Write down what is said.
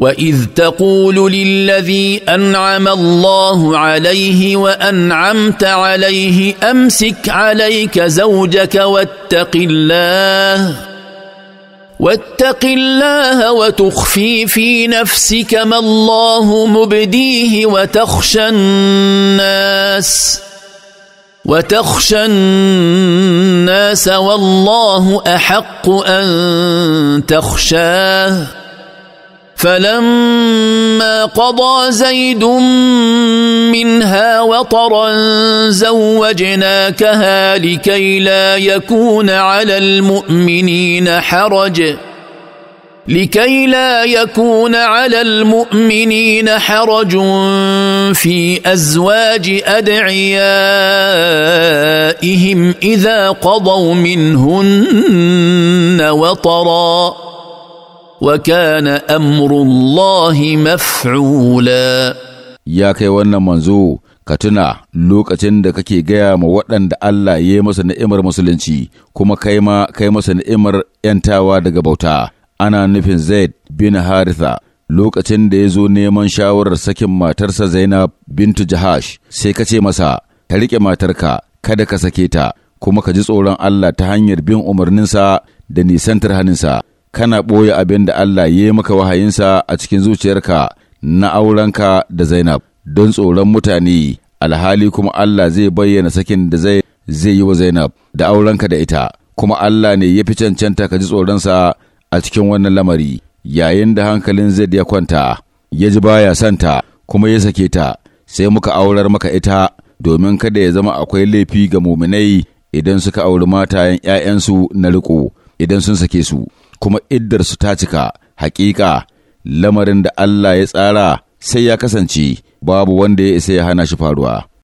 واذ تقول للذي انعم الله عليه وانعمت عليه امسك عليك زوجك واتق الله واتق الله وتخفي في نفسك ما الله مبديه وتخشى الناس وتخشى الناس والله احق ان تخشاه فلما قضى زيد منها وطرا زوجناكها لكي لا يكون على المؤمنين حرج لكي لا يكون على المؤمنين حرج في ازواج ادعيائهم اذا قضوا منهن وطرًا وكان امر الله مفعولا يا كي wannan manzo ka tuna lokacin da kake gaya ma waɗanda Allah ya yi masa ni'imar musulunci kuma kai kai masa ni'imar ‘yantawa daga bauta ana nufin Zaid bin Haritha lokacin da ya zo neman shawarar sakin matarsa Zainab bintu Jahash sai ka ce masa ka riƙe matarka kada ka sake ta kuma ka ji tsoron Allah ta hanyar bin umarninsa da nisantar haninsa kana ɓoye abin da Allah ya yi maka wahayinsa a cikin zuciyarka na aurenka da Zainab don tsoron mutane alhali kuma Allah zai bayyana sakin da zai yi wa Zainab da aurenka da ita kuma Allah ne ya fi cancanta ka ji tsoronsa a cikin wannan lamari yayin da hankalin Zaid ya kwanta ya ji baya santa kuma ya sake ta sai muka aurar maka ita domin kada ya zama akwai laifi ga muminai idan suka auri matayen ‘ya'yansu na riko idan sun sake su. kuma iddarsu ta cika hakika lamarin da Allah ya tsara sai ya kasance babu wanda ya isa ya hana shi faruwa.